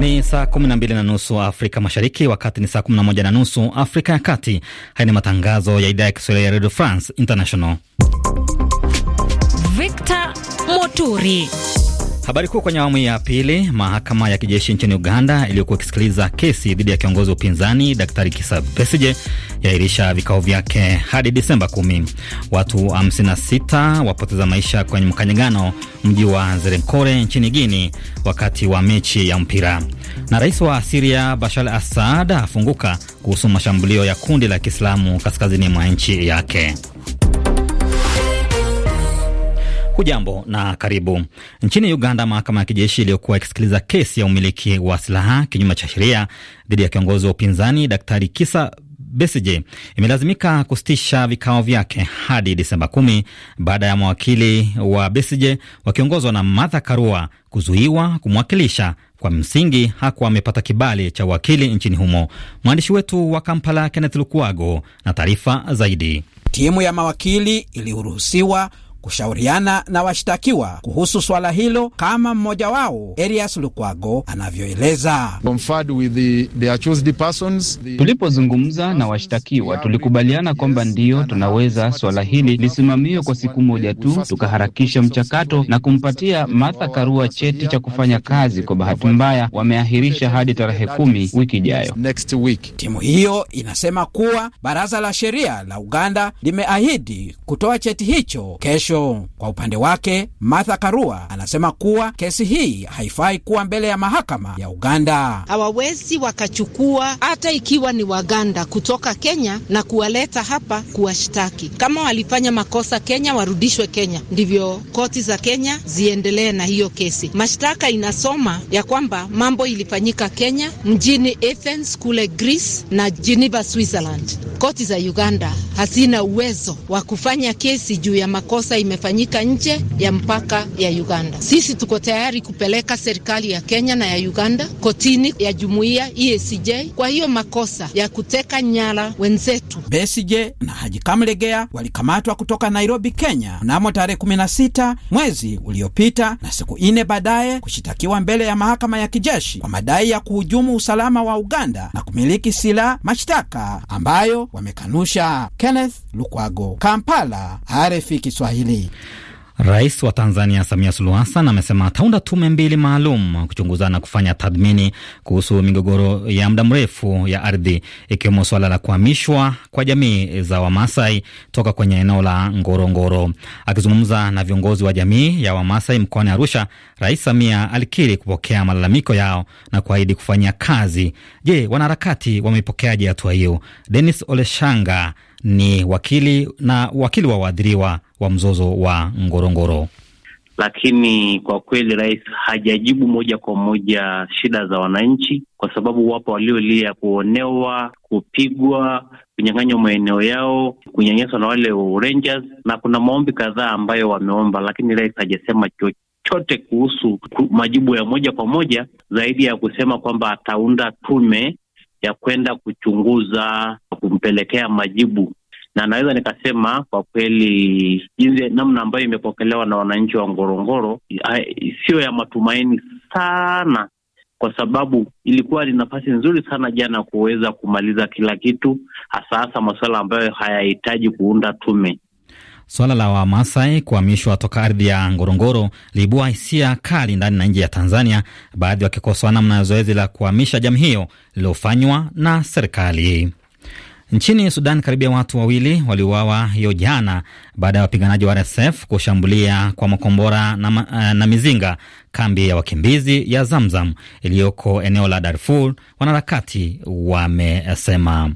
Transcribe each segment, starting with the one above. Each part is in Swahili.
Ni saa 12 na nusu Afrika Mashariki, wakati ni saa 11 na nusu Afrika ya Kati. Haya ni matangazo ya idhaa ya Kiswahili ya Radio France International. Victor Moturi Habari kuu kwenye awamu ya pili. Mahakama ya kijeshi nchini Uganda iliyokuwa ikisikiliza kesi dhidi ya kiongozi wa upinzani Daktari Kisa Besigye yairisha vikao vyake hadi Disemba kumi. Watu 56 wapoteza maisha kwenye mkanyagano mji wa Zerenkore nchini Guini wakati wa mechi ya mpira. Na rais wa Siria Bashar Assad afunguka kuhusu mashambulio ya kundi la Kiislamu kaskazini mwa nchi yake. Hujambo na karibu. Nchini Uganda, mahakama ya kijeshi iliyokuwa ikisikiliza kesi ya umiliki wa silaha kinyume cha sheria dhidi ya kiongozi wa upinzani Daktari Kisa Besije imelazimika kusitisha vikao vyake hadi Disemba kumi baada ya mawakili wa Besije wakiongozwa na Martha Karua kuzuiwa kumwakilisha kwa msingi hakuwa amepata kibali cha wakili nchini humo. Mwandishi wetu wa Kampala Kenneth Lukuago na taarifa zaidi. Timu ya mawakili iliruhusiwa kushauriana na washtakiwa kuhusu swala hilo, kama mmoja wao Elias Lukwago anavyoeleza. Tulipozungumza na washtakiwa, tulikubaliana kwamba ndio tunaweza swala hili lisimamiwe kwa siku moja tu, tukaharakisha mchakato na kumpatia Martha Karua cheti cha kufanya kazi. Kwa bahati mbaya, wameahirisha hadi tarehe kumi wiki ijayo. Timu hiyo inasema kuwa baraza la sheria la Uganda limeahidi kutoa cheti hicho kesho kesho. Kwa upande wake, Martha Karua anasema kuwa kesi hii haifai kuwa mbele ya mahakama ya Uganda. Hawawezi wakachukua hata ikiwa ni Waganda kutoka Kenya na kuwaleta hapa kuwashtaki. Kama walifanya makosa Kenya, warudishwe Kenya, ndivyo koti za Kenya ziendelee na hiyo kesi. Mashtaka inasoma ya kwamba mambo ilifanyika Kenya, mjini Athens kule Greece na Geneva Switzerland. Koti za Uganda hazina uwezo wa kufanya kesi juu ya makosa imefanyika nje ya mpaka ya Uganda. Sisi tuko tayari kupeleka serikali ya Kenya na ya Uganda kotini ya jumuiya EACJ kwa hiyo makosa ya kuteka nyara wenzetu. Besigye na Haji Kamlegea walikamatwa kutoka Nairobi, Kenya mnamo tarehe 16 mwezi uliopita na siku ine baadaye kushitakiwa mbele ya mahakama ya kijeshi kwa madai ya kuhujumu usalama wa Uganda na kumiliki silaha, mashtaka ambayo wamekanusha. Kenneth Lukwago, Kampala, RFI Kiswahili. Tanzania. Rais wa Tanzania Samia Suluhu Hassan amesema ataunda tume mbili maalum kuchunguza na kufanya tathmini kuhusu migogoro ya muda mrefu ya ardhi ikiwemo suala la kuhamishwa kwa jamii za Wamasai toka kwenye eneo la Ngorongoro. Akizungumza na viongozi wa jamii ya Wamasai mkoani Arusha, Rais Samia alikiri kupokea malalamiko yao na kuahidi kufanyia kazi. Je, wanaharakati wamepokeaje hatua hiyo? Denis Oleshanga ni wakili na wakili wa waadhiriwa wa mzozo wa Ngorongoro. Lakini kwa kweli rais hajajibu moja kwa moja shida za wananchi, kwa sababu wapo waliolia kuonewa, kupigwa, kunyang'anywa maeneo yao, kunyanyaswa na wale Rangers, na kuna maombi kadhaa ambayo wameomba, lakini rais hajasema chochote kuhusu majibu ya moja kwa moja zaidi ya kusema kwamba ataunda tume ya kwenda kuchunguza kumpelekea majibu na naweza nikasema kwa kweli jinsi namna ambayo imepokelewa na wananchi wa Ngorongoro ah, siyo ya matumaini sana, kwa sababu ilikuwa ni nafasi nzuri sana jana kuweza kumaliza kila kitu, hasa hasa masuala ambayo hayahitaji kuunda tume. Swala la Wamasai kuhamishwa toka ardhi ya Ngorongoro liibua hisia kali ndani na nje ya Tanzania, baadhi wakikosoa namna ya zoezi la kuhamisha jamii hiyo lililofanywa na serikali. Nchini Sudan, karibia watu wawili waliuawa hiyo jana baada ya wapiganaji wa RSF kushambulia kwa makombora na, eh, na mizinga kambi ya wakimbizi ya Zamzam iliyoko eneo la Darfur, wanaharakati wamesema.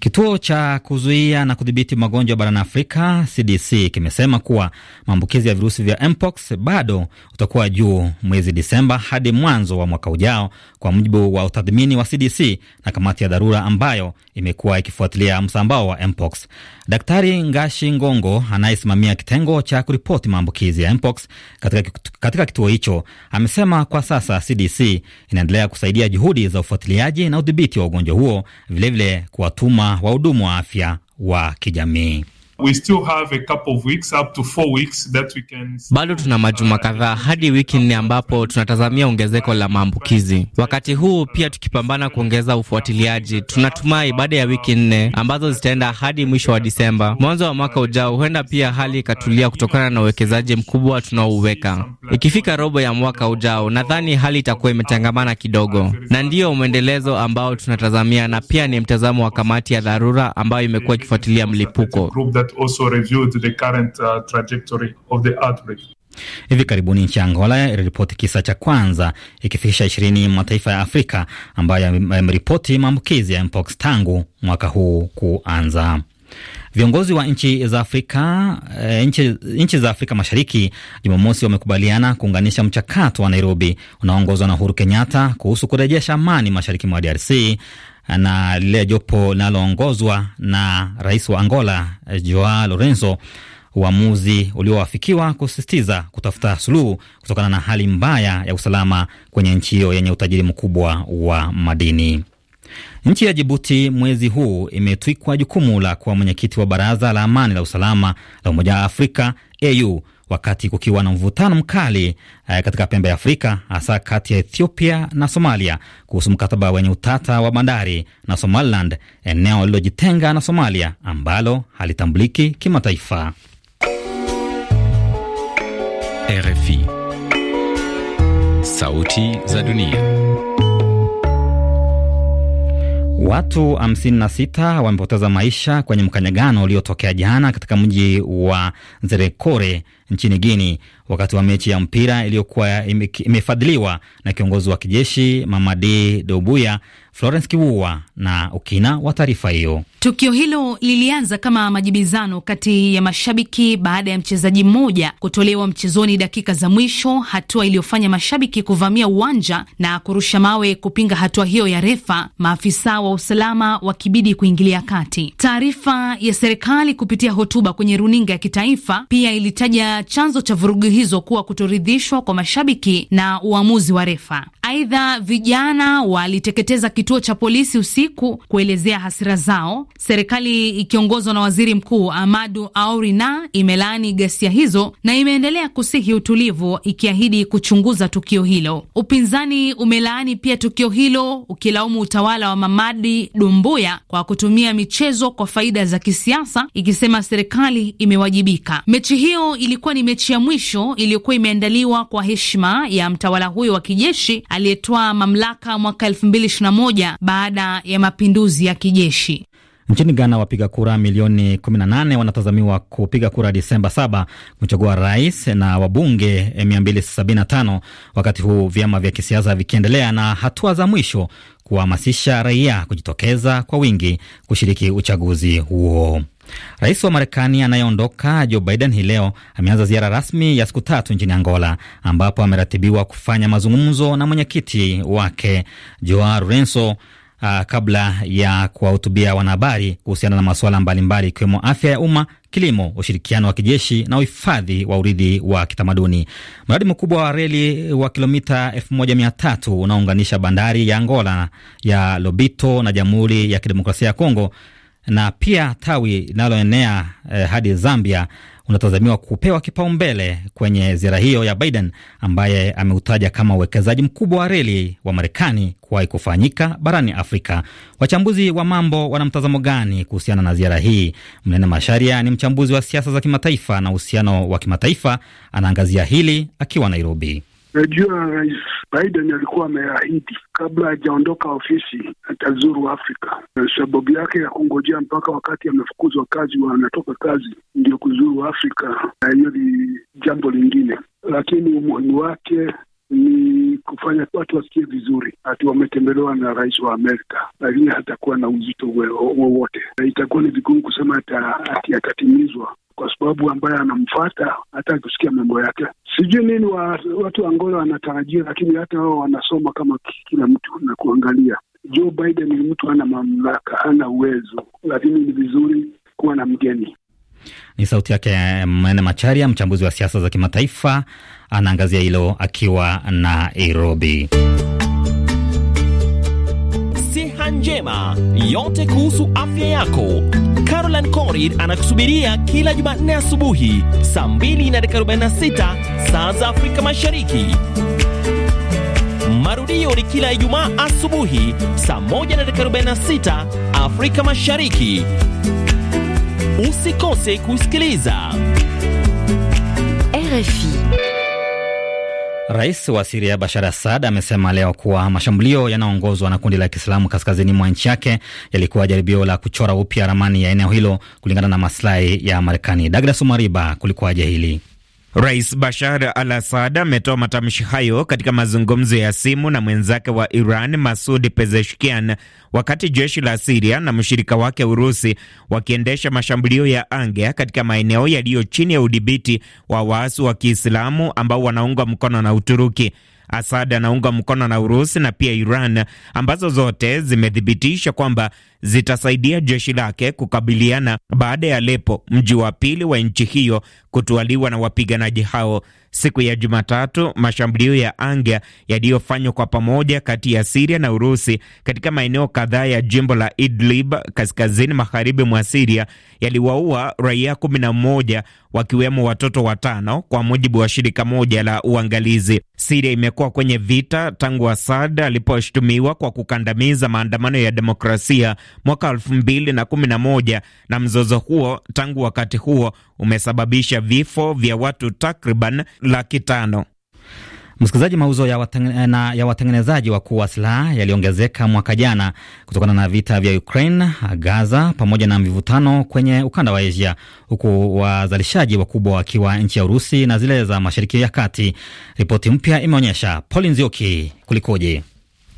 Kituo cha kuzuia na kudhibiti magonjwa barani Afrika CDC kimesema kuwa maambukizi ya virusi vya mpox bado utakuwa juu mwezi Disemba hadi mwanzo wa mwaka ujao, kwa mujibu wa utathmini wa CDC na kamati ya dharura ambayo imekuwa ikifuatilia msambao wa mpox. Daktari Ngashi Ngongo anayesimamia kitengo cha kuripoti maambukizi ya mpox katika, katika kituo hicho amesema kwa sasa CDC inaendelea kusaidia juhudi za ufuatiliaji na udhibiti wa ugonjwa huo, vilevile kuwatuma wahudumu wa afya wa kijamii. We still have a couple of weeks, up to four weeks that we can... Bado tuna majuma kadhaa hadi wiki nne ambapo tunatazamia ongezeko la maambukizi. Wakati huu pia tukipambana kuongeza ufuatiliaji, tunatumai baada ya wiki nne ambazo zitaenda hadi mwisho wa Disemba, mwanzo wa mwaka ujao, huenda pia hali ikatulia kutokana na uwekezaji mkubwa tunaouweka. Ikifika robo ya mwaka ujao, nadhani hali itakuwa imetangamana kidogo, na ndiyo mwendelezo ambao tunatazamia, na pia ni mtazamo wa kamati ya dharura ambayo imekuwa ikifuatilia mlipuko that also reviewed the current uh, trajectory of the outbreak. Hivi karibuni nchi ya Angola iliripoti kisa cha kwanza ikifikisha ishirini mataifa ya Afrika ambayo yameripoti maambukizi ya mpox tangu mwaka huu kuanza. Viongozi wa nchi za Afrika e, nchi, nchi za Afrika Mashariki Jumamosi wamekubaliana kuunganisha mchakato wa Nairobi unaoongozwa na Uhuru Kenyatta kuhusu kurejesha amani mashariki mwa DRC na lile jopo linaloongozwa na rais wa Angola Joao Lorenzo, uamuzi uliowafikiwa kusisitiza kutafuta suluhu kutokana na hali mbaya ya usalama kwenye nchi hiyo yenye utajiri mkubwa wa madini. Nchi ya Jibuti mwezi huu imetwikwa jukumu la kuwa mwenyekiti wa baraza la amani la usalama la Umoja wa Afrika au wakati kukiwa na mvutano mkali eh, katika pembe ya Afrika hasa kati ya Ethiopia na Somalia kuhusu mkataba wenye utata wa bandari na Somaliland, eneo lililojitenga na Somalia ambalo halitambuliki kimataifa. RFI Sauti za Dunia. Watu 56 wamepoteza maisha kwenye mkanyagano uliotokea jana katika mji wa Zerekore nchini Guini wakati wa mechi ya mpira iliyokuwa imefadhiliwa na kiongozi wa kijeshi Mamadi dobuya Florence Kiwuwa na ukina wa taarifa hiyo. Tukio hilo lilianza kama majibizano kati ya mashabiki baada ya mchezaji mmoja kutolewa mchezoni dakika za mwisho, hatua iliyofanya mashabiki kuvamia uwanja na kurusha mawe kupinga hatua hiyo ya refa, maafisa wa usalama wakibidi kuingilia kati. Taarifa ya serikali kupitia hotuba kwenye runinga ya kitaifa pia ilitaja chanzo cha vurugu hizo kuwa kutoridhishwa kwa mashabiki na uamuzi wa refa. Aidha, vijana waliteketeza kituo cha polisi usiku kuelezea hasira zao. Serikali ikiongozwa na waziri mkuu Amadu Aurina imelaani ghasia hizo na imeendelea kusihi utulivu, ikiahidi kuchunguza tukio hilo. Upinzani umelaani pia tukio hilo ukilaumu utawala wa Mamadi Dumbuya kwa kutumia michezo kwa faida za kisiasa, ikisema serikali imewajibika. Mechi hiyo ilikuwa ni mechi ya mwisho iliyokuwa imeandaliwa kwa heshima ya mtawala huyo wa kijeshi aliyetwaa mamlaka mwaka 2021 baada ya mapinduzi ya kijeshi. Nchini Ghana, wapiga kura milioni 18 wanatazamiwa kupiga kura Disemba 7 kumchagua rais na wabunge 275 wakati huu vyama vya kisiasa vikiendelea na hatua za mwisho kuwahamasisha raia kujitokeza kwa wingi kushiriki uchaguzi huo. Rais wa Marekani anayeondoka Joe Biden hii leo ameanza ziara rasmi ya siku tatu nchini Angola, ambapo ameratibiwa kufanya mazungumzo na mwenyekiti wake Joao Lourenco Uh, kabla ya kuwahutubia wanahabari kuhusiana na masuala mbalimbali ikiwemo afya ya umma, kilimo, ushirikiano wa kijeshi na uhifadhi wa urithi wa kitamaduni. Mradi mkubwa wa reli wa kilomita 1300 unaounganisha bandari ya Angola ya Lobito na Jamhuri ya Kidemokrasia ya Kongo na pia tawi linaloenea eh, hadi Zambia unatazamiwa kupewa kipaumbele kwenye ziara hiyo ya Biden ambaye ameutaja kama uwekezaji mkubwa wa reli wa Marekani kuwahi kufanyika barani Afrika. Wachambuzi wa mambo wana mtazamo gani kuhusiana na ziara hii? Mnene Masharia ni mchambuzi wa siasa za kimataifa na uhusiano wa kimataifa, anaangazia hili akiwa Nairobi. Najua Rais Biden alikuwa ameahidi kabla hajaondoka ofisi atazuru Afrika, na sababu yake ya kungojea mpaka wakati amefukuzwa kazi, wanatoka kazi, ndio kuzuru Afrika, na hiyo ni jambo lingine, lakini umuhimu wake ni kufanya watu wasikie vizuri ati wametembelewa na rais wa Amerika, lakini hatakuwa na uzito wowote, na itakuwa ni vigumu kusema ati atatimizwa kwa sababu ambaye anamfata hata akusikia mambo yake sijui nini wa, watu wa Angola wanatarajia, lakini hata wao wanasoma kama kila mtu na kuangalia. Joe Biden ni mtu ana mamlaka, ana uwezo, lakini ni vizuri kuwa na mgeni. Ni sauti yake Mene Macharia, mchambuzi wa siasa za kimataifa, anaangazia hilo akiwa Nairobi. Njema, yote kuhusu afya yako. Caroline Corid anakusubiria kila Jumanne asubuhi saa 246 saa za Afrika Mashariki. Marudio ni kila Ijumaa asubuhi saa 146 Afrika Mashariki. Usikose kusikiliza RFI. Rais wa Siria Bashar Assad amesema leo kuwa mashambulio yanayoongozwa na kundi la Kiislamu kaskazini mwa nchi yake yalikuwa jaribio la kuchora upya ramani ya eneo hilo kulingana na maslahi ya Marekani. Douglas Umariba, kulikuwaje hili? Rais Bashar al Assad ametoa matamshi hayo katika mazungumzo ya simu na mwenzake wa Iran Masud Pezeshkian, wakati jeshi la Siria na mshirika wake Urusi wakiendesha mashambulio ya anga katika maeneo yaliyo chini ya udhibiti wa waasi wa Kiislamu ambao wanaungwa mkono na Uturuki. Asad anaunga mkono na Urusi na pia Iran ambazo zote zimethibitisha kwamba zitasaidia jeshi lake kukabiliana baada ya Aleppo, mji wa pili wa nchi hiyo, kutwaliwa na wapiganaji hao. Siku ya Jumatatu, mashambulio ya anga yaliyofanywa kwa pamoja kati ya Siria na Urusi katika maeneo kadhaa ya jimbo la Idlib kaskazini magharibi mwa Siria yaliwaua raia 11 wakiwemo watoto watano, kwa mujibu wa shirika moja la uangalizi. Siria imekuwa kwenye vita tangu Asad aliposhutumiwa kwa kukandamiza maandamano ya demokrasia mwaka mbili na kumi na mzozo huo tangu wakati huo umesababisha vifo vya watu takriban laki tano. Msikilizaji, mauzo eh, ya watengenezaji wakuu wa silaha yaliongezeka mwaka jana kutokana na vita vya Ukraine, Gaza pamoja na mivutano kwenye ukanda wa Asia, huku wazalishaji wakubwa wakiwa nchi ya Urusi na zile za Mashariki ya Kati. Ripoti mpya imeonyesha. Paul Nzioki, kulikoje?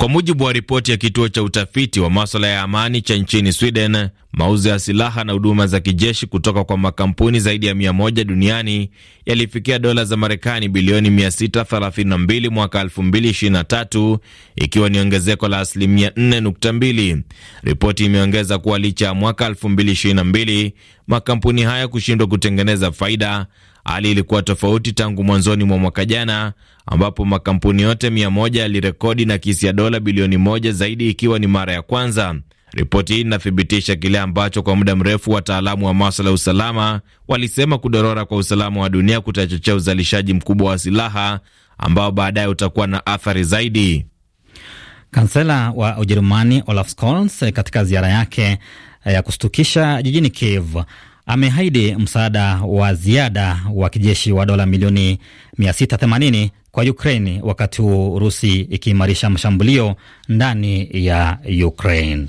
Kwa mujibu wa ripoti ya kituo cha utafiti wa maswala ya amani cha nchini Sweden, mauzo ya silaha na huduma za kijeshi kutoka kwa makampuni zaidi ya 100 duniani yalifikia dola za Marekani bilioni 632 mwaka 2023, ikiwa ni ongezeko la asilimia 4.2. Ripoti imeongeza kuwa licha ya mwaka 2022 makampuni haya kushindwa kutengeneza faida Hali ilikuwa tofauti tangu mwanzoni mwa mwaka jana ambapo makampuni yote mia moja yalirekodi nakisi ya dola bilioni moja zaidi ikiwa ni mara ya kwanza. Ripoti hii inathibitisha kile ambacho kwa muda mrefu wataalamu wa maswala ya usalama walisema, kudorora kwa usalama wa dunia kutachochea uzalishaji mkubwa wa silaha ambao baadaye utakuwa na athari zaidi. Kansela wa Ujerumani Olaf Scholz katika ziara yake ya kustukisha jijini Kiev ameahidi msaada wa ziada wa kijeshi wa dola milioni 680 kwa Ukraine, wakati huu Urusi ikiimarisha mashambulio ndani ya Ukraine.